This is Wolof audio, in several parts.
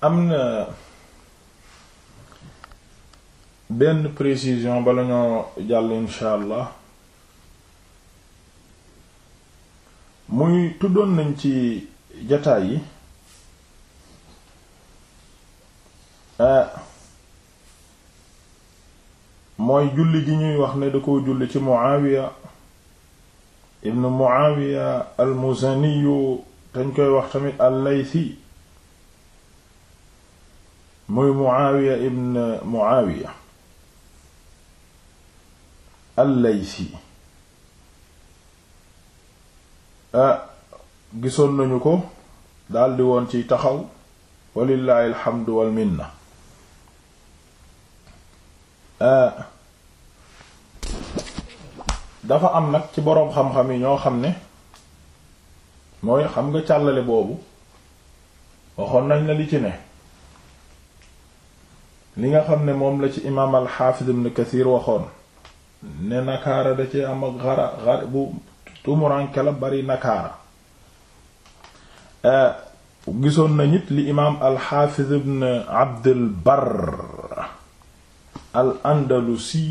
am na benn présision bala ñoo jàll insha allah muy tuddoon nañ ci jataay yi mooy julli gi ñuy wax ne da ko julli ci Muawiya ibn Muawiya al-Muzaniyu dañ koy wax tamit al-Laythi muy Muawiya ibn Muawiya al-Laysi gisoon nañu ko daldi woon ciy taxaw walillahi alhamdu wal minna dafa am nag ci boroom xam-xam yi ñoo xam ne mooy xam nga càllale boobu waxoon nañ la li ci ne li nga xam ne moom la ci imaam alxaafis ibn kathir waxoon ne nakaara da ci am ak xara bu tumuranke la bari nakaara eh, gisoon na nit li imaam alxaafis ibn abdul bar al andalusi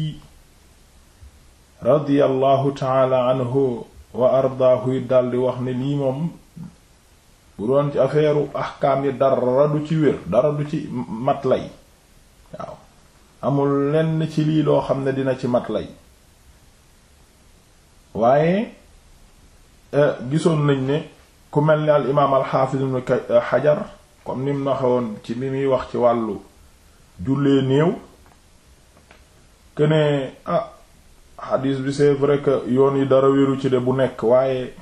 radiyallahu taala anhu wa ardaahu daldi wax ne lii moom bu doon ci affaire u axkaam yi dara du ci wér dara du ci matlay waaw amul lenn ci lii loo xam ne dina ci mat lay waaye eh, gisoon nañ ne ku mel ni al imaam alxaafis ibn eh, xajar comme ni mu waxewoon ci bi muy wax ci wàllu jullee néew que ne ah xadiis bi c'est vrai yoon yi dara wéru ci de bu nekk waaye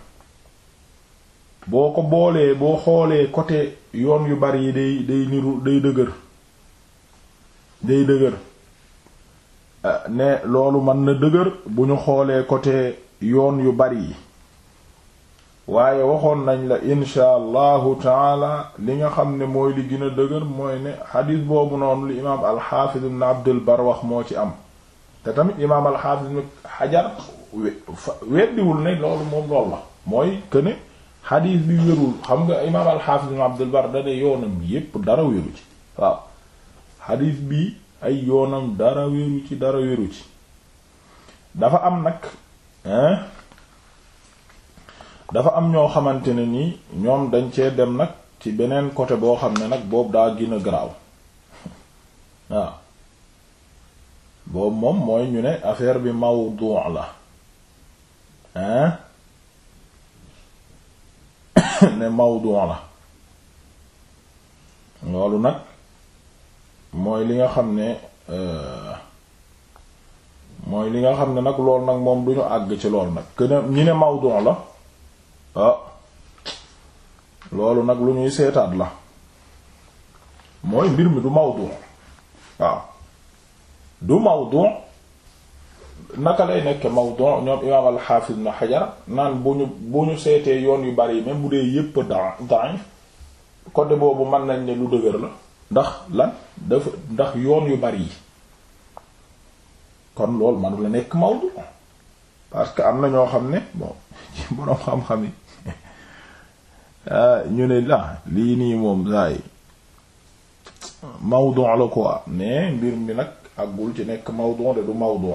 boo ko boolee boo xoolee côté yoon yu bari yi day day niru day dëgër day dëgër ah, ne loolu mën na dëgër bu ñu xoolee côté yoon yu bari yi waaye waxoon nañ la insha allahu taala li nga xam ne mooy li gën a dëgër mooy ne xadiis boobu noonu li imaam alxaafiz ibn abdul bar wax moo ci am te tamit imaam alxaafiz ibn xajar weddiwul ne loolu moom lool la mooy que ne xadiis bi wérul xam nga imaam alxaafiz ibn abdul bar da yoonam yépp dara wéru ci waaw xadiis bi ay yoonam dara wéru ci dara wéru ci dafa am nag hein dafa am ñoo xamante ne ni ñoom dañ cee dem nag ci beneen côté boo xam ne nag boobu daa gën a garaaw waaw boobu moom mooy ñu ne affaire bi maw mawdu la hein ne mawdu la loolu nag mooy li nga xam ne euh, mooy li nga xam ne nag lool nag moom ñu àgg ci lool nag que ñi ne mawdu la ah, loolu nag lu ñuy seetaat la mooy mbir mi du mawdu waaw du mawdu naka lay nekk mawdu ñoom imaam al-Hafiz na xajar naan bu ñu bu ñu seetee yoon yu bari même bu dee yépp da da'if côté boobu mën nañ ne lu dëgër la ndax lan dafa ndax yoon yu bari yi kon loolu manu la nekk mawdu parce que am na ñoo xam ne bon ci boroom xam-xam yi ñu ne la lii nii moom saay mawdu la quoi mais mbir mi nag àggul ci nekk mawdu de du mawdu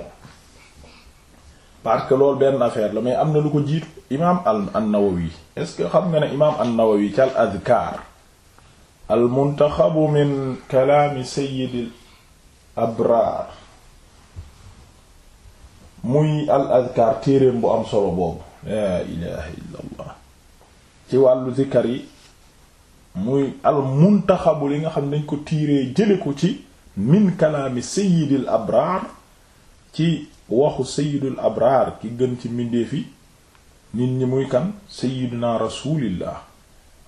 parce que loolu benn affaire la mais am na lu ko jiitu imaam an-Nawawi est-ce que xam nga ne imaam an-Nawawi ci al-Adhkar almuntaxabu min kalaami sayyidil abraar muy al adkaar téereem bu am solo boobu laa ilaha illa ci wàllu zikkar yi muy almuntaxabu li nga xam dañ ko tiiree jële ko ci min kalaami sayyidil abraar ci waxu sayyidul abraar ki gën ci mbindeefi nit ñi muy kan sayyiduna rasulillah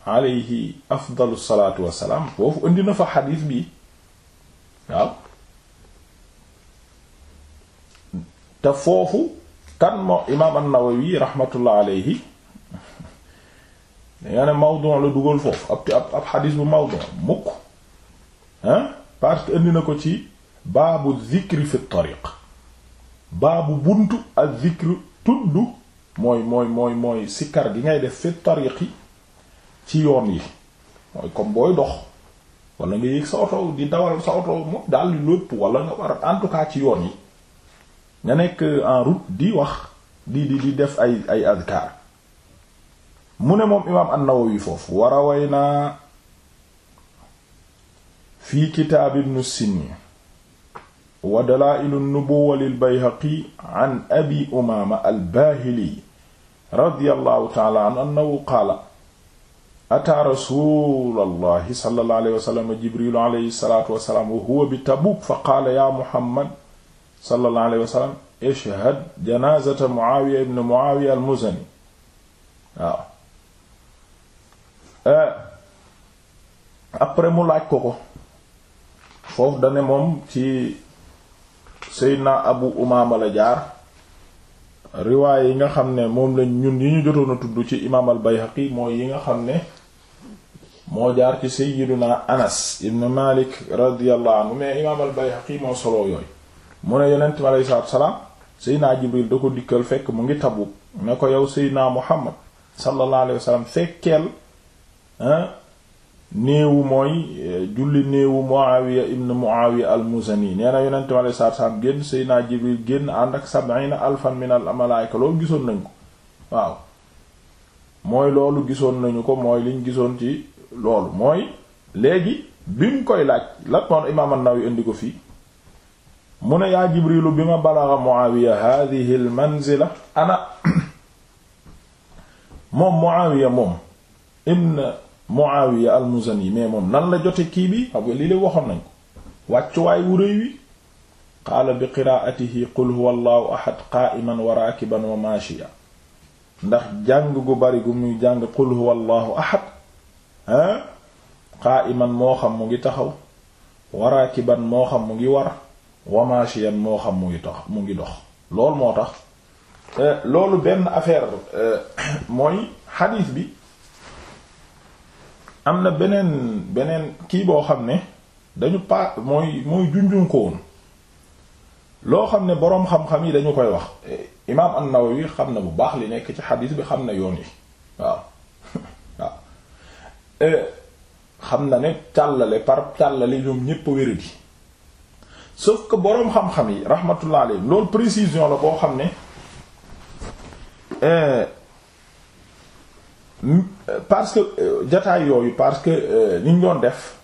alayhi afdalu salaatu wassalaam foofu indi na fa xadiis bi waaw te foofu kan moo imaam an-Nawawi rahmatullah alayhi danga ne mawdu' la dugal foofu ab ab ab xadiis bu mawdu' mukk hein parce indi na ko ci baabu zikri fi tariq baabu buntu ak zikri tudd mooy mooy mooy mooy sikkar ngay def fi tariqi ci yoon yi mooy comme booy dox wala nga yéeg sa oto di dawal sa oto moom daal di lépp nga war en ci yoon yi nga nekk en route di wax di di di def ay ay azkar mu ne moom imaam an foofu wa rawaynaa fi kitaab ibn sinni wa dalaa'il an-nubuwwa lil Bayhaqi an abi Umaama al-Baahili radiyallahu ta'ala anhu qaala ataa rasulallahi sallallahu alayhi wa sallam jibril alayhi salatu wasalaam wa huwa bi tabuk fa qaala ya muhammad sallallahu alayhi wa sallam ishhad janazata muawiya ibn muawiya al-muzani waaw eh, après mu laaj ko ko foofu dane moom ci seydna abu umaama la jaar riwaay yi nga xam ne moom la ñun yi ñu jotoon a tudd ci imaam al bayhaqi mooy yi nga xam ne moo jaar ci sayyiduna anas ibn malik radiyallahu anhu mais imaam al bayhaqi moo yooyu mu ne yonent mi aleyhi salaatu salaam seydna jibril da ko dikkal fekk mu ngi tabuk ne ko yow seydna muhammad sallallahu alayhi wa fekkeel néewu mooy julli néewu muawiya ibn muawiya al nee na yonent mi aleyhi salaatu salaam génn seydna jibril génn ànd ak sab'ina alfan min al loolu gisoon nañ ko waaw mooy loolu gisoon nañu ko mooy liñ gisoon ci loolu mooy léegi bi mu koy laaj la moon imaam an indi ko fii mu ne yaa Jibrilu bi ma balaxa Muawiya hadhihi al-manzila ana moom Muawiya moom ibn Muawiya al-Muzani mais moom nan la jote kii bi xam nga lii la waxoon nañ ko wàccuwaay wu rëy wi qaala bi qiraatihi qul huwa allahu ahad qaaiman wa raakiban wa maashiya ndax jàng gu bari gu muy jàng qul huwa allahu ahad ah qa'iman moo xam mu ngi taxaw wa rakiban moo xam mu ngi war wa mashiyan moo xam mu ngi tax mu ngi dox loolu moo tax loolu benn affaire euh, mooy xadiis bi am na beneen beneen kii boo xam ne dañu pa mooy mooy junjun loo xam ne boroom xam-xam yi dañu koy wax imaam an wi xam na bu baax li nekk ci xadiis bi xam na yoon yi waaw Euh, xam na ne càllale par càllale ñoom ñépp a wéradi sauf que boroom xam-xam yi rahmatullah alayhi loolu précision la boo xam ne euh, euh, parce que jataay yooyu parce que li ñu doon def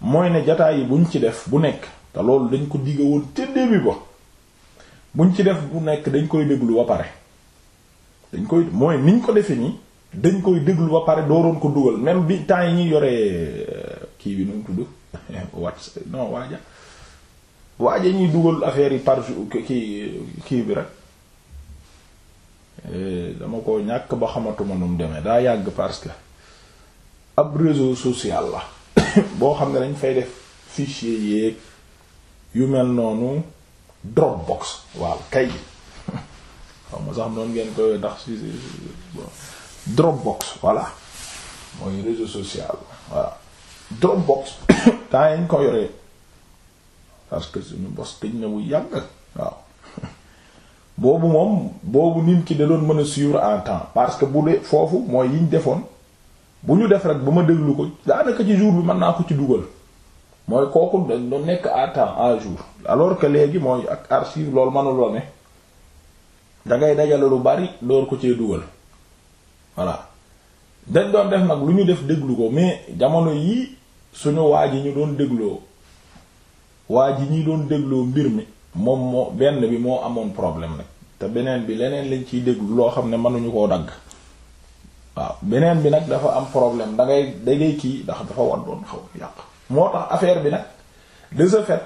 mooy ne jataay yi buñ ci def bu nekk te loolu dañ ko digg woon te début ba buñ ci def bu nekk dañ koy déglu ba pare dañ koy mooy niñ ko defe nii dañ koy déglu ba pare dooroon ko dugal même bi temps yi ñuy yoree euh, kii bi nu mu tudd whats non waaja waaja ñuy dugal affaire yi par jour kii kii bi rek eh, dama ko ñàkk ba xamatuma nu mu demee daa yàgg parce que ab réseau social la boo xam ne dañ fay def fichier yéeg yu mel noonu Dropbox waaw kay xaw ma sax noonu ngeen koy ndax Dropbox voilà mooy réseau social voilà Dropbox temps yañ ko yoree parce que suñu bos tëj na bu yàgg waaw boobu moom boobu nit ki da doon mën a suivre en temps parce que bu dee foofu mooy yiñ defoon bu ñu def rek bu ma déglu ko daanaka ci jour bi mën naa ko ci dugal mooy kooku dañ doon nekk à temps à jour alors que léegi mooy ak archive loolu mënuloo ne da ngay dajale lu bari loolu ko cee dugal. voilà dañ doon def nag lu ñu def déglu ko mais jamono yii suñu waa yi ñu doon dégloo waa yi ñi doon dégloo mbir mi moom moo benn bi moo amoon problème nag te beneen bi leneen lañ ciy déglu loo xam ne mënuñu koo dagg waaw beneen bi nag dafa am problème dangay ngay kii ndax dafa war doon xaw yàq moo tax affaire bi nag de ce fait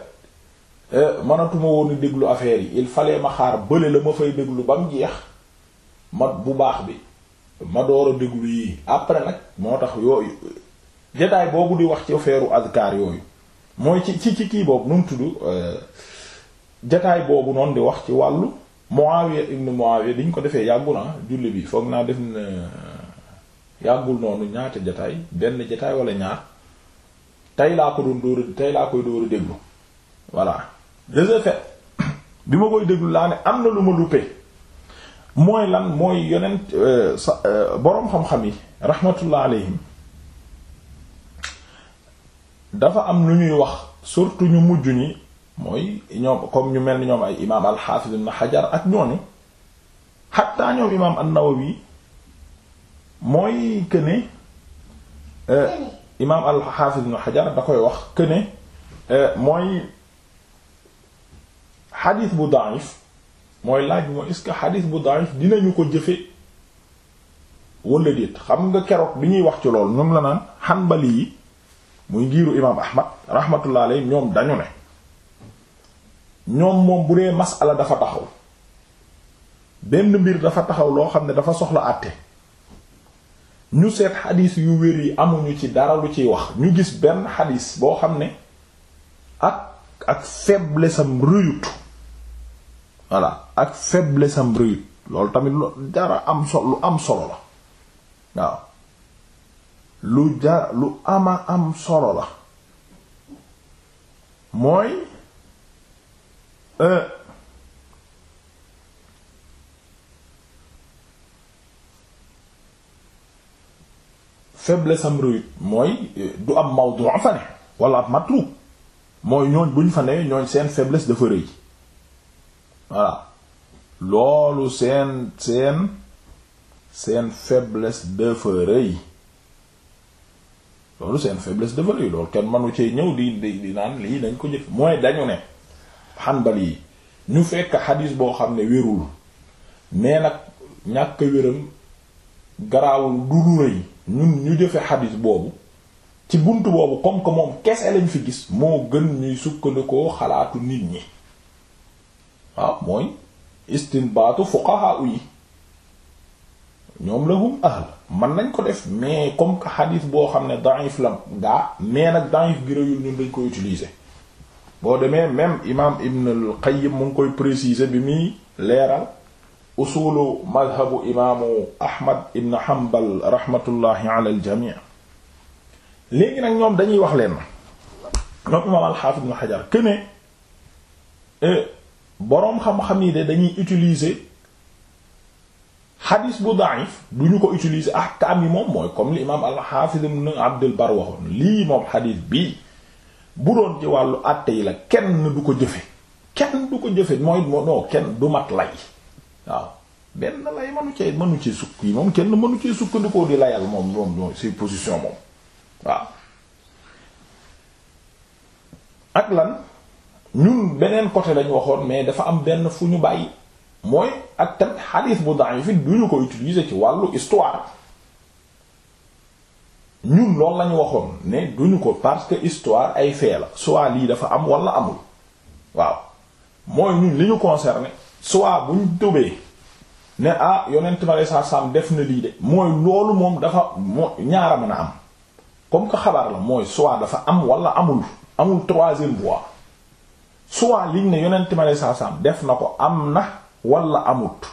euh, mënatuma woon a déglu affaire yi il fallait ma xaar bële la ma fay déglu ba mu jeex mat bu baax bi ma door a déglu yii après nag moo tax yooyu jotaay boobu di wax ci feeru azkar yooyu mooy ci ci ci kii boobu nun tudd euh, jotaay boobu noonu di wax ci wàllu Muawiya ibn Muawiya diñ ko defee yàggu na ah, julli bi foog naa def na yàggul noonu ñaata jotaay benn jotaay wala ñaar tey laa ko doon dóor tey laa koy dóor a déglu voilà de ce bi ma koy déglu laa ne am na lu ma luppee mooy lan mooy yonent euh, euh, boroom xam-xam yi rahmatullah alayhim dafa am lu ñuy wax surtout ñu mujj ñi mooy ñoom comme ñu mel ni ñoom ay imaam al-Hafiz ibn Hajar ak ñooñu xatta ñoom imaam an-Nawawi mooy que ne euh, da koy wax que mooy xadiis bu da'if mooy laaj mooy est-ce que xadis bu daif dinañu ko jëfe wala xam nga keroog bi ñuy wax ci lool ñoom la naan xanbali yi muy ngiiru imaam ahmad rahmatullah alayhi ñoom dañu ne ñoom moom bu dee masala dafa taxaw benn mbir dafa taxaw loo xam ne dafa soxla àtte ñu seet xadis yu wér yi amuñu ci dara lu ciy wax ñu gis benn xadiis boo xam ne ak ak faiblesse am rëyut voilà ak faiblesse am loolu tamit lu dara am lu am solo la waaw lu jar lu ama am solo la mooy euh, faiblesse am rëyut mooy euh, du am mawdu fa ne wala ab matru mooy ñooñ buñ fa ne ñooñ seen faiblesse dafa rëy voilà loolu seen seen seen faiblesse dafa rëy loolu seen faiblesse dafa rëy loolu kenn manu cee ñëw di di di naan lii dañ ko jëf mooy dañu ne xanbal yi ñu fekk xadis boo xam ne wérul mais nag ñàkk wéram garaawul du lu rëy ñun ñu jëfe xadis boobu ci bunt boobu comme que kese lañ fi gis moo gën ñuy sukkandikoo xalaatu nit ñi waaw ah, mooy istinbaatu fuqaha yi ñoom lahum ahl man nañ ko def mais comme que xadis boo xam ne da'if la gaa mais nag da'if gi rëyul ñun dañ ko utiliser boo demee même imam Ibn al-Qayyim mu ngi koy préciser bi muy leeral usulu madhabu imaamu Ahmad Ibn Hanbal rahmatullahi ala al-jami' léegi nag ñoom dañuy wax leen na ñoom imaam al-Hafiz Ibn Hajar eh, boroom xam-xam yi de dañuy utiliser xadis bu daif duñu ñu ko utiliser ahkaam yi moom mooy comme li imaam al-Hafiz ibn Abdul Bar waxoon lii moom xadis bii bu doon ci wàllu àtte yi la kenn du ko jëfe kenn du ko jëfe mooy kenn du mat lay waaw benn lay mënu cee mënu cee sukk yi moom kenn mënu cee sukkandikoo di layal moom moom moom ses position moom waaw ak lan ñun beneen côté lañ waxoon mais dafa am benn fu ñu bàyyi mooy ak tamit xadiis bu da'if fi duñu ko utiliser ci wàllu histoire ñun loolu lañu waxoon ne duñu ko parce que histoire ay fee la soit lii dafa am wala amul waaw mooy ñun li ñu concerné soit buñ dóbee ne ah yonent ma lay saa def na lii de mooy loolu moom dafa moo ñaara mën a am comme que xabaar la mooy soit dafa am wala amul amul troisième voie soit liñ ne yonent ma lay saasaam def na ko am na wala amut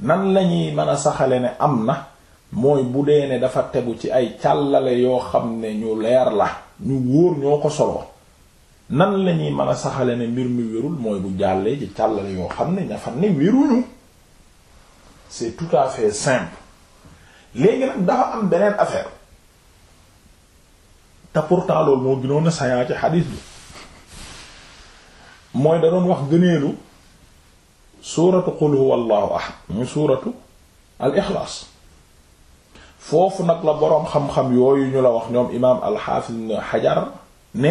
nan lañuy man a saxale ne am na mooy bu dee ne dafa tegu ci ay càllale yoo xam ne ñu leer la ñu wóor ñoo ko solo nan lañuy mën a saxale ne mbir mi wérul mooy bu jàllee ci càllale yoo xam ne ña fa ne wéruñu c'est tout à fait simple léegi nag dafa am beneen affaire te pourtant loolu moo gënoon a ci xadiis bi mooy da doon wax gëneelu suuratu qul huwa allahu ahad muy suuratu al foofu nag la boroom xam-xam yooyu ñu la wax ñoom imaam alxaafis ibn xajar ne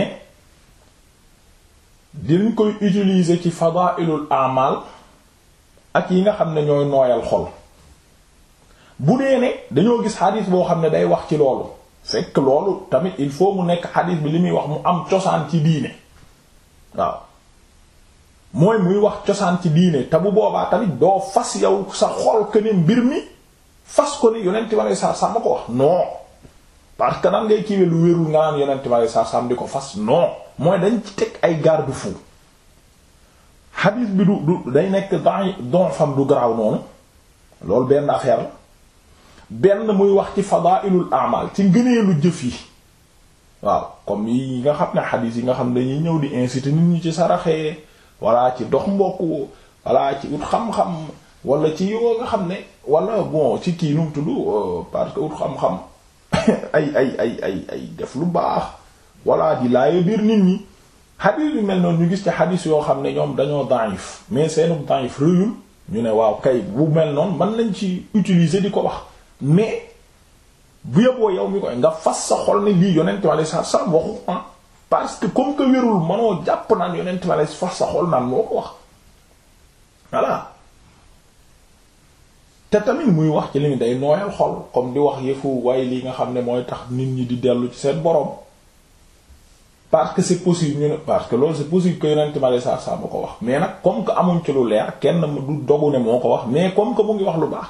dinañ koy utiliser ci fadailul amal ak yi nga xam ne ñooy nooyal xol bu dee ne dañoo gis xadis boo xam ne day wax ci loolu fekk loolu tamit il faut mu nekk xadis bi li muy wax mu am cosaan ci diine waaw mooy muy wax cosaan ci diine te bu boobaa tamit doo fas yow sa xol que mbir mi fas ko ni yonent ma lay saa saa ma ko wax non parce que nan ngay kiiwee lu wérul nga naan yonent ma lay saa saa di ko fas non mooy dañ teg ay garde-fou hadith bi du du day nekk dans don fam du garaaw noonu loolu benn affaire la benn muy wax ci fadailul amal ci ngëneelu jëf yi waaw comme yi nga xam ne hadith yi nga xam ne dañuy ñëw di inciter nit ñu ci saraxee. walla ci dox mbokku walla ci ut xam-xam wala ci yoo nga xam ne wala bon ci kii nu tudd euh, parce que ut xam-xam ay ay ay ay ay def lu baax wala di laaya biir nit ñi xadiis yu mel noonu ñu gis ci xadiis yoo xam ne ñoom dañoo daif mais seenum daif rëyul ñu ne waaw kay bu mel noonu man lañ ci utiliser di ko wax mais bu yeboo yow mi koy nga fas sa xol ne lii yonent wala sa sa waxu ah parce que comme que wérul manoo jàpp naan yonent ma lay fas sa xol naan moo ko wax voilà te tamit muy wax ci li ni day nooyal xol comme di wax yëfu waaye lii nga xam ne mooy tax nit ñi di dellu ci seen borom parce que c'est possible ñu ne parce que loolu c'est possible que yonent ma lay saa saa ma ko wax mais nag comme que amuñ ci lu leer kenn du dogu ne moo ko wax mais comme que mu ngi wax lu baax.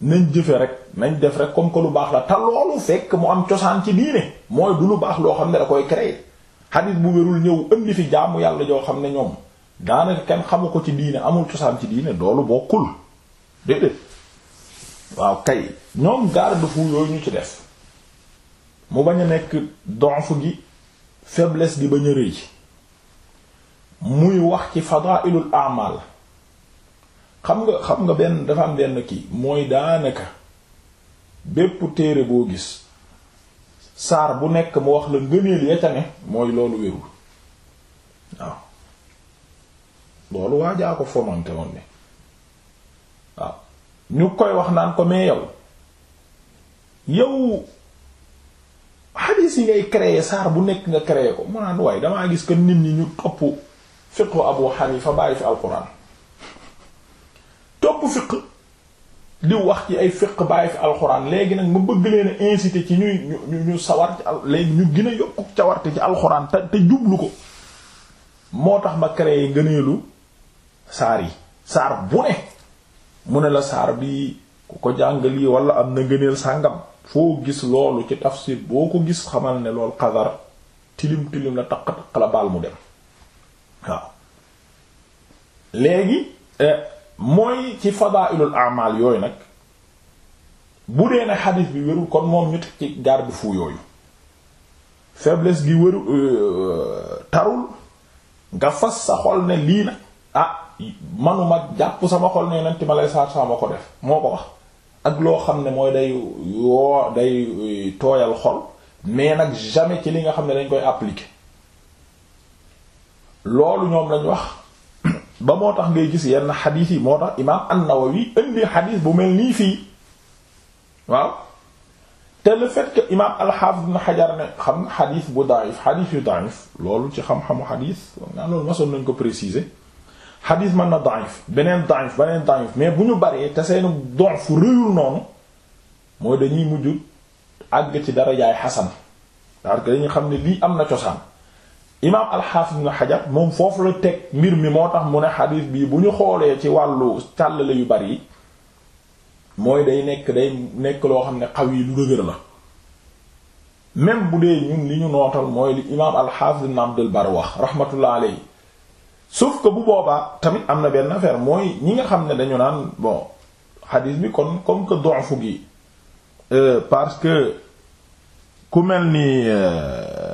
nañ jëfe rek nañ def rek comme que lu baax la te loolu fekk mu am cosaan ci diine mooy du lu baax loo xam ne da koy créer xadis bu wérul ñëw indi fi jaamu yàlla joo xam ne ñoom daanaka kenn xamu ko ci diine amul cosaan ci diine loolu bokkul déedéet waaw kay ñoom garde-fou yooyu ñu ci def mu bañ a nekk donf gi faiblesse gi bañ a rëy muy wax ci fadailul amal xam nga xam nga benn dafa am benn kii mooy daanaka bépp téere boo gis saar bu nekk mu wax la ngëneel ya ca mooy loolu wérul waaw loolu waajaa ko fommante woon ne waaw ñu koy wax naan ko mais yow yow xadiis yi ngay créer saar bu nekk nga créer ko mu naan waaye damaa gis que nit ñi ñu topp fiqhu Abu Hanifa bàyyi fi alquran topp fiq di wax ci ay fiq bàyyi fi alxuraan léegi nag ma bëgg leen a ci ñuy ñu ñu sawar ci alxuraan te te jublu ko moo tax ma créé gëneelu saar yi saar bu ne mu ne la saar bi ku ko jàngal yi wala am na gëneel sàngam foo gis loolu ci tafsir boo ko gis xamal ne lool xadar tilim tilim la taq taq la baal mu dem waaw léegi eh, mooy ci fadailul amal yooyu nag bu dee ne xadis bi wérul kon moom ñu teg ci garde fou yooyu faiblesse gi wéru euh, tarul nga fas sa xol ne lii nag ah manuma jàpp sama xol ne yonent ma lay saar saa ma ko def moo ko wax ak loo xam ne mooy day yoo day euh, tooyal xol mais nag jamais ci li nga xam ne dañ koy appliquer loolu ñoom lañ wax ba moo tax ngay gis yenn xadiis yi moo tax imaam an-Nawawi indi xadiis bu mel nii fii waaw te le fait que imaam al-Hafiz ibn ne xam nga xadiis bu daif xadiis yu daif loolu ci xam-xamu xadiis nga loolu masoon nañ ko préciser xadiis mën na daif beneen daif beneen daif mais bu ñu baree te seeni don fu réyul noonu mooy dañuy mujj àgg ci dara jaay xasan parce que dañuy xam ne lii am na cosaan imaam alxaafis ibn xajar moom foofu la teg mbir mi moo tax mu ne xadiis bii bu ñu xoolee ci wàllu càllale yu bari yi mooy day nekk day nekk loo xam ne xaw yi lu dëgër la même bu dee ñun li ñu nootal mooy li imaam alxaafis ibn abdul bar wax rahmatullah alayhi sauf que bu boobaa tamit am na benn affaire mooy ñi nga xam ne dañu naan bon xadiis bi kon comme que doxu gi euh, parce que ku mel ni euh,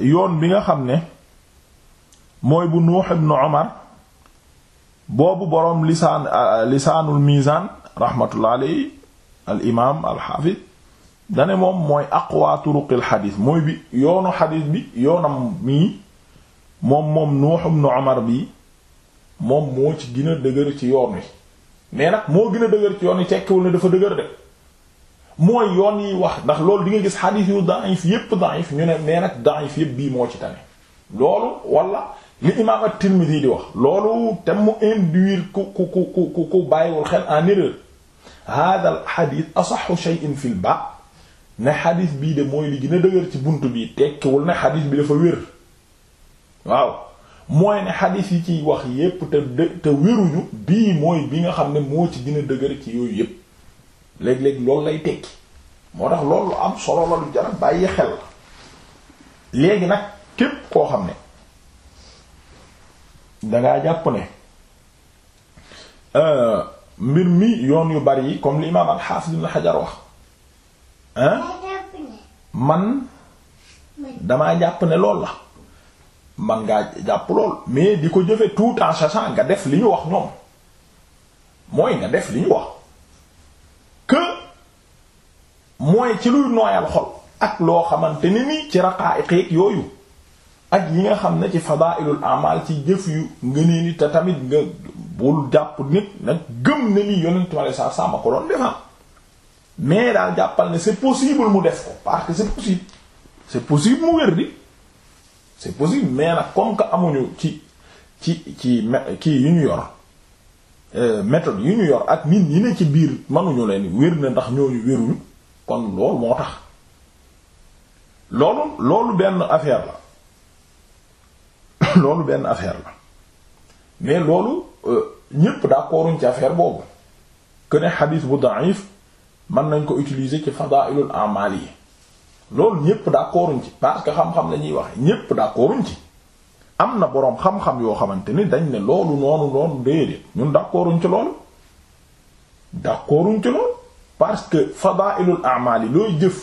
yoon bi nga xam ne mooy bu Nuux ibn Umar boobu boroom lisaan lisaanul mizaan rahmatullah alayhi al imaam al xaafis dane moom mooy aqwa turuqil xadiis mooy bi yoonu xadiis bi yoonam mii moom moom Nuux ibn Umar bi moom moo ci gën a dëgër ci yoon wi mais nag moo gina a dëgër ci yoon wi tekkiwul ne dafa dëgër de mooy yoon yi wax ndax loolu di nga gis xadiis yu da'if yépp da'if ñu ne mais nag da'if yépp bii moo ci tane loolu walla li imaam at-Tirmidhi di wax loolu te mu induire ku ku ku ku bàyyiwul xel en erreur hada al xadiis asaxu shay'in fil baab ne xadiis bii de mooy li gën a dëgër ci bunt bi tekkiwul ne xadiis bi dafa wér waaw mooy ne xadiis yi ciy wax yépp te te wéruñu bii mooy bi nga xam ne moo ci gën a dëgër ci yooyu yépp léeg-léeg loolu lay tekki moo tax loolu am solo la lu jar bàyyi xel la léegi nag képp koo xam ne dangaa jàpp ne euh, mbir mi yoon yu bari yi comme l'imam al-Hafiz Ibn Hajar wax man damaa jàpp ne lool la man ngaa jàpp lool mais di ko jëfe tout en sachant nga def li ñu wax ñoom mooy nga def li ñu wax mooy ci luy nooyal xol ak loo xamante ni nii ci raqaa'iq yooyu ak yi nga xam ne ci fadaa'ilul a'mal ci jëf yu ngënee ni te tamit nga bul jàpp nit nag gëm ne lii yonent ma ko doon defam mais daal jàppal ne c'est possible mu def ko parce que c'est possible c'est possible mu wér di c'est possible mais nag comme que amuñu ci ci ci kii yu ñu yor euh, méthode yu ñu yor ak nit ñi ne ci biir mënuñu leen wér na ndax ñooñu wéruñu kon loolu moo tax loolu loolu benn affaire la loolu benn affaire la mais loolu euh, ñépp d'accorduñ ci affaire boobu que ne xadiis bu da'if mën nañ ko utiliser ci fadailul amal yi loolu ñépp d'accorduñ ci parce que xam-xam la ñuy waxe ñépp d'accorduñ ci am na boroom xam-xam yoo xamante ni dañ ne loolu noonu noonu déedéet ñun d'accorduñ ci loolu d'accorduñ ci loolu parce que fadailul amal yi looy jëf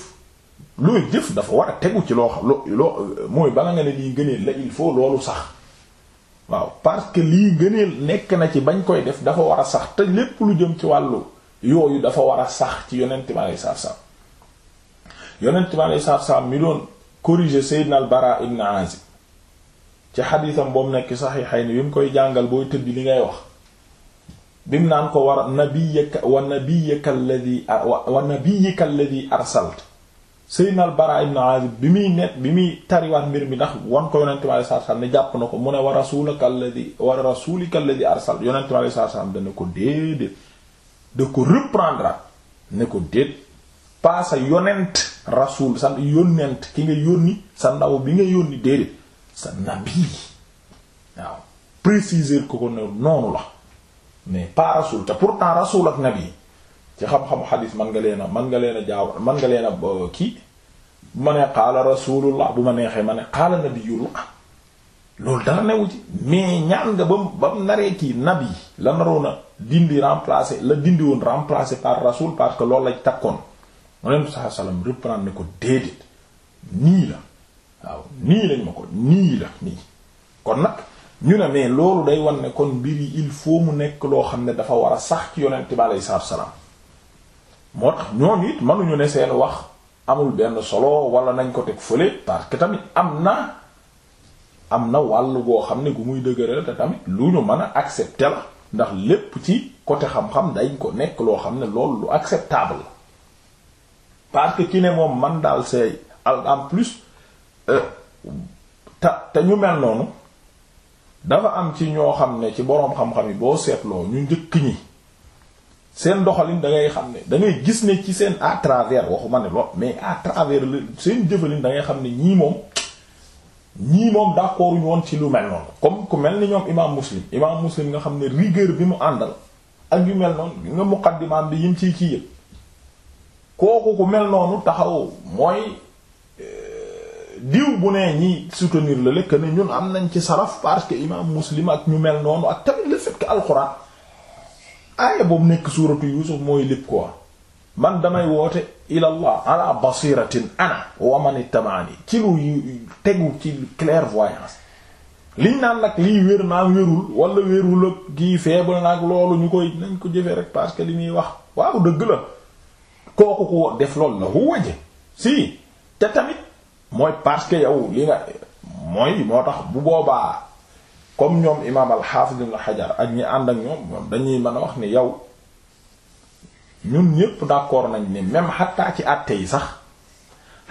looy jëf dafa war a tegu ci loo xam loo loo mooy bala nga ne lii ngëneel la il faut loolu sax waaw parce que lii ngëneel nekk na ci bañ koy def dafa war a sax te lépp lu jëm ci wàllu yooyu dafa war a sax ci yonent mi alayhi salaatu salaam yonent mi alayhi salaatu salaam mi doon corriger Seydina al-Bara ibn Azib ci xadiisam boobu nekk Saxiixayni bi mu koy jàngal booy tëdd li ngay wax bim naan ko war nabiyyaka wa nabiyyaka alladhi wa nabiyyika alladhi arsalta sayyidina al-Bara ibn Azib bi muy net bi muy tariwaat mbir mi ndax wan ko yonente mi alayhi salaatu salaam ne jàpp na ko mu ne wa rasulika alladhi wa rasulika alladhi arsalta yonente mi alayhi salaatu salaam dana ko déedéet da ko reprendre ne ko déet pas sa yonent rasul sa yonent ki nga yónni sa ndaw bi nga yónni déedéet sa nabi waaw préciser ko ko ne noonu la mais pas rasul te pourtant rasul ak nabi ci xam-xamu xadiis man nga leen a man nga leen a jaaw man nga leen a euh, kii bu ma nee qaala rasulullah bu ma neexee ma ne qaala nabiyullah loolu dara newu ci mais ñaan nga ba mu ba mu naree kii nabi la naroon a dindi remplacer la dindi woon remplacer par rasul parce que loolu lañ takkoon moom saa salaam reprendre ne ko déedéet nii la waaw nii lañ ma ko nii la nii kon nag. ñu ne mais loolu day wan ne kon mbir yi il foo mu nekk loo xam ne dafa war a sax ci yonent bi aleyhi salaatu salaam moo tax ñoom it mënuñu ne seen wax amul benn solo wala nañ ko teg fële parce tamit am na am na wàll goo xam ne gu muy dëgëral te tamit lu ñu mën a accepter la ndax lépp ci côté xam-xam dañ ko nekk loo xam ne lool lu acceptable la ki ne moom man daal say en plus euh, te te ñu mel noonu. dafa am ci ñoo xam ne ci boroom xam-xam yi boo seetloo ñu njëkk ñi seen doxalin da ngay xam ne dangay gis ne ci seen à travers waxuma ne lool mais à travers le seen jëfalin da xam ne ñii moom ñii moom d'accord ñu woon ci lu mel noonu comme ku mel ni ñoom imaam muslim imaam muslim nga xam ne rigueur bi mu àndal ak yu mel noonu nga muqaddimaam bi yim ciy kii yëpp kooku ku mel noonu taxaw mooy diw bu nee ñi soutenir la lekk ne ñun am nañ ci saraf parce que imam muslim ak ñu mel noonu ak tamit le fait que alxuraan aaya boobu nekk suuratu yuusuf mooy lépp quoi man damay woote ilallah ala basiratin ana wa man ittaba'ani ci lu tegu ci clairvoyance liñ naan nag lii wér naa wérul wala wérul ak kii faible nag loolu ñu koy nañ ko jëfee rek parce que li muy wax waaw dëgg la kooku ko def loolu la hu waje si te tamit mooy parce que yow li nga mooy moo tax bu boobaa comme ñoom imaam al-Hafiz Ibn Hajar ak ñi ànd ak ñoom dañuy mën a wax ni yow ñun ñépp d'accord nañ ni même xattaa ci atte yi sax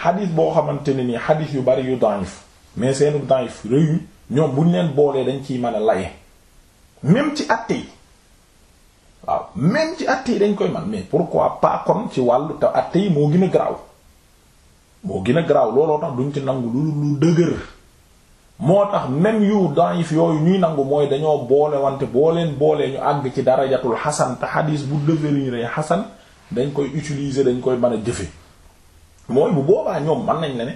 xadis boo xamante ne nii xadis yu bari yu daif mais seenu daif rëy ñoom buñ leen boolee dañ ciy mën a laye même ci àtte yi waaw même ci àtte yi dañ koy man mais pourquoi pas kon ci wàllu te àtte yi moo gën a garaaw moo gën a garaaw looloo tax duñ ci nangu lu lu dëgër moo tax même yu daif ñuy nangu mooy dañoo boole wante boo leen boolee ñu àgg ci darajatul xasan te xadis bu dëgër ñu ne xasan dañ koy utiliser dañ koy mën a jëfe mooy bu boobaa ñoom mën nañ la ne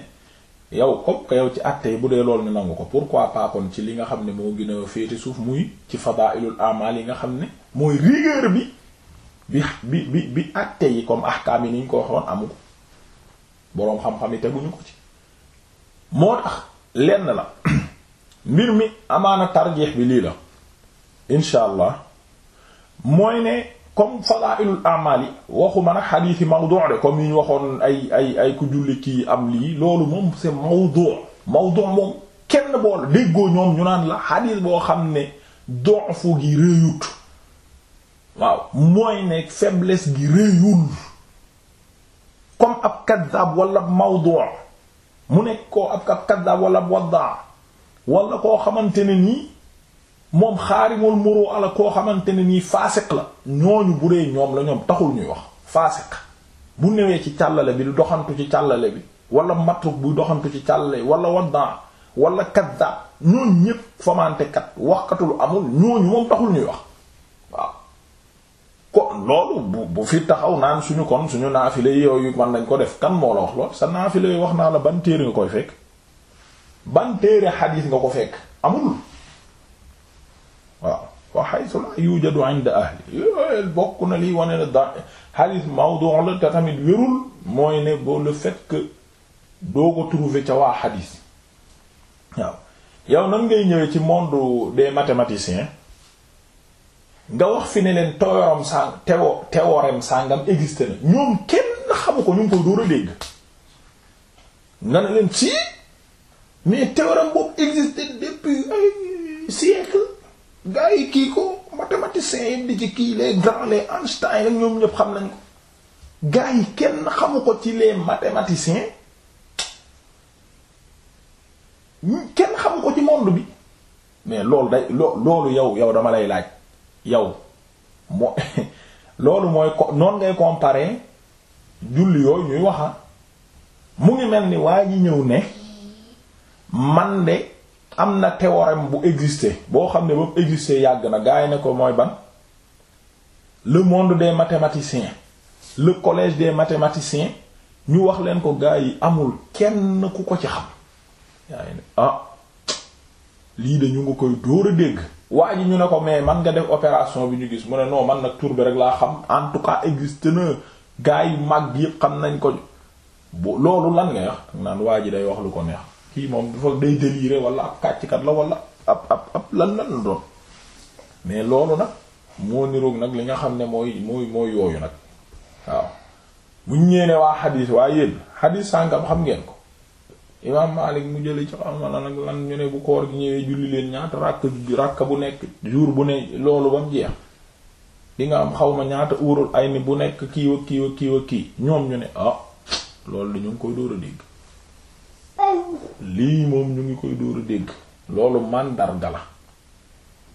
yow comme que yow ci atte yi bu dee loolu ñu nangu ko pourquoi pas kon ci li nga xam ne moo gën a féete suuf muy ci fadailul amal yi nga xam ne mooy rigueur bi bi bi bi bi atte yi comme ahkaam yi ni ñu ko waxoon amu ko boroom xam-xam yi teguñu ko ci moo tax lenn la mbir mi amaana tarjeex bi lii la incha allah mooy ne comme fadailul amal yi waxu man a xadiis yi mawdu' de comme yi ñu waxoon ay ay ay ku julli kii am lii loolu moom c'est mawdu' mawdu' kenn bool déggoo ñoom ñu naan la xadiis boo xam ne dofu gi réyut waaw mooy ne faiblesse gi réyul comme ab kaddaab wala mawdu mu nekk koo ab ab walla wala waddaa wala koo xamante ne nii moom xaarimul muru ala koo xamante ne nii faasiq la ñooñu bu dee ñoom la ñoom taxul ñuy wax faasiq bu newee ci càllale bi du doxantu ci càllale bi wala matruk buy doxantu ci càllale bi wala waddaa wala kaddaab ñooñu ñépp famaantekat waxkatulu amul ñooñu moom taxul ñuy wax ko loolu bu bu fi taxaw naan suñu kon suñu naafile yooyu man nañ ko def kan moo la wax lool sa naafile wax naa la ban téere nga koy fekk ban téere xadiis nga ko fekk amul waaw wa bokk na liy wane ne da xadiis mawdu' te tamit wérul mooy ne boo le fait que doo ko trouver ca waa xadiis waaw yow nan ngay ñëwee ci monde des mathématiciens nga wax fi ne leen saa sàng théo théorème sàngam existe na ñoom kenn xamu ko ñu ngi koy dóor a dégg nga ne leen si mais théorème boobu existe depuis siècle gars yi kii ko mathématiciens yi di ci kii les grands les Einstein ak ñoom ñëpp xam nañ ko gars yi kenn xamu ko ci les mathématiciens kenn xamu ko ci monde bi mais loolu day loo loolu yow yow dama lay laaj yow moo loolu mooy ko noonu ngay comparer julli yooyu ñuy waxa ah. mu ngi mel ni waa ji ñëw ne man de am na théorème bu existé boo xam ne ba mu existé yàgg na gaa yi ne ko mooy ban le monde de mathématiciens le collège de mathématiciens ñu wax leen ko gaa yi amul kenn ku ko ci xam yaa ngi ne ah lii de ñu ngi koy dóor a dégg. waa ji ñu ne ko mais man nga def opération bi ñu gis mu ne noo man nag tur bi rek laa xam en tout cas existe na gars yi mag yëpp xam nañ ko bu loolu lan ngay wax naan waa ji day wax lu ko neex kii moom dafa day déliré wala ab kàcckat la walla ab ab ab lan lan la doon mais loolu nag moo niroog nag li nga xam ne mooy mooy mooy yooyu nag waaw buñ ñeenee waa xadis waa yéen xadis sàngam xam ngeen ko imaam Maalik mu jële ci xawma lan lan ñu ne bu koor gi ñëwee julli leen ñaata ràkk ràkk bu nekk jour bu ne loolu ba mu jeex di nga am xawma ñaata uurul ay ni bu nekk kii wa kii kii ñoom ñu ne ah loolu dañu ngi koy dóor a dégg lii moom ñu ngi koy dóor a dégg loolu màndarga la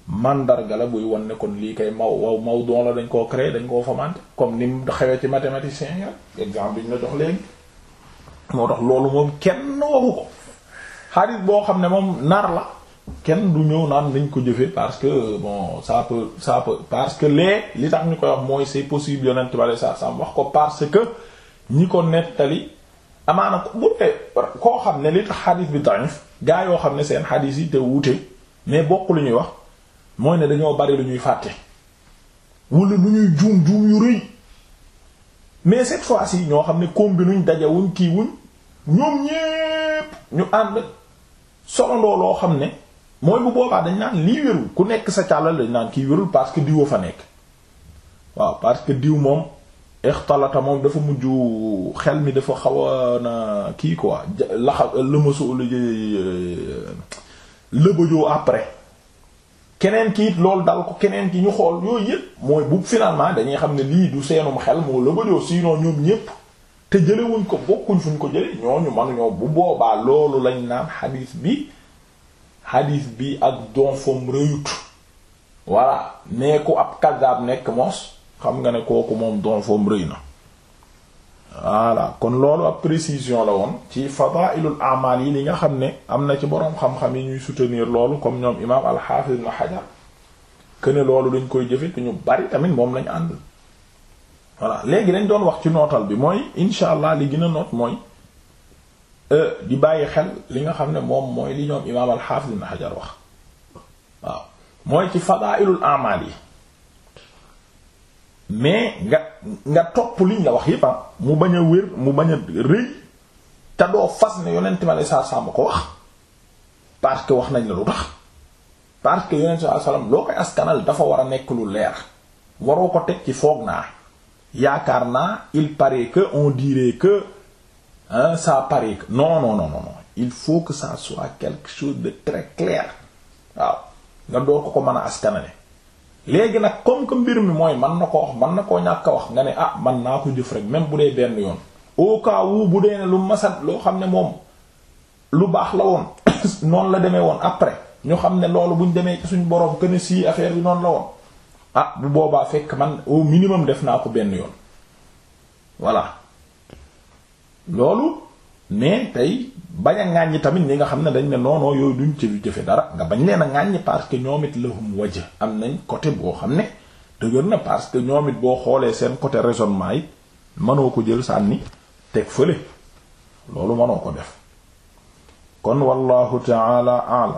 màndarga la buy wan ne kon lii kay maw maw doon la dañ koo créé dañ koo famante comme ni mu xewee ci mathématicien yi rek exemple bi ñu la jox léegi moo tax loolu moom kenn waxu ko xadis boo xam ne moom nar la kenn du ñëw naan nañ ko jëfee parce que bon ça peut ça peut parce que lee li tax ñu koy wax mooy c'est possible yonent bale sa sam wax ko parce que ñi ko nettali amaana ko bu dee koo xam ne li tax xadis bi daif gaa yoo xam ne seen xadis yi te wuute mais bokk lu ñuy wax mooy ne dañoo bari lu ñuy fàtte wala lu ñuy juum juum yu rëy mais cette fois yi ñoo xam ne kombi nuñ dajawuñ kii wuñ ñoom ñépp ñu ànd solondoo loo xam ne mooy bu boobaa dañ naan lii wérul ku nekk sa càllal lañ naan kii wérul parce que diw a fa nekk waaw parce que diw moom ixtalata moom dafa mujj xel mi dafa xaw a na kii quoi laxa lëmasu lëbëjoo après keneen ki it loolu dal ko keneen ki ñu xool yooyu yépp mooy bu finalement dañuy xam ne lii du seenum xel moo lëbëjoo sinon ñoom ñépp te jëlewuñ ko bokkuñ fuñ ko jële ñooñu manuñoo bu boobaa loolu lañ naan xadiis bi xadiis bi ak donfam rëyut voilà nee ku ab kazaab nekk mos xam nga ne kooku moom donfam rëy na voilà kon loolu ab précision la woon ci fadailul amal yi li nga xam ne am na ci boroom xam-xam yi ñuy soutenir loolu comme ñoom imaam al-Hafiz Ibn Hajar ne loolu dañ koy jëfe te ñu bari tamit moom lañ ànd voilà léegi dañ doon wax ci nootal bi mooy insha allah li gën a noot mooy euh, di bàyyi xel li nga xam ne moom mooy li ñoom imaam al-Hafiz Ibn wax waaw mooy ci fadaa'ilul a'mal yi mais nga nga topp liñ la wax yépp ah, mu bañ a wér mu bañ a rëy te doo fas ne yonent ma la saa saa ko wax parce que wax nañ la lu tax parce que yonent sallallahu alayhi wasallam loo koy askanal dafa war a nekk lu leer waroo ko teg ci foog naa. yaakaar naa il paraît que on dirait que hein sa paraît que non non non il faut que ça soit quelque chose de très clair waaw nga door ko ko mën a askanale léegi nag comme que mbir mi mooy mën na ko wax mën na koo ñàkk a wax nga ne ah man naa ko jëf rek même bu dee benn yoon au cas où bu dee ne lu masat loo xam ne moom lu baax la woon noonu la demee woon après ñu xam ne loolu buñ demee ci suñu borom que ne sii affaire bi noonu la woon. ah bu boobaa fekk man au minimum def naa ko benn yoon voilà loolu mais tey bañ a ŋàññi tamit ñi nga xam ne dañ ne noonoo yooyu duñ ci jëfe dara nga bañ leen a ŋàññi parce que ñoom la lahum waj am nañ côté boo xam ne dëgër na parce que ñoom it boo xoolee seen côté raisonnement yi mënoo ko jël sànni teg fële loolu mënoo ko def kon wallahu ta'ala a'lam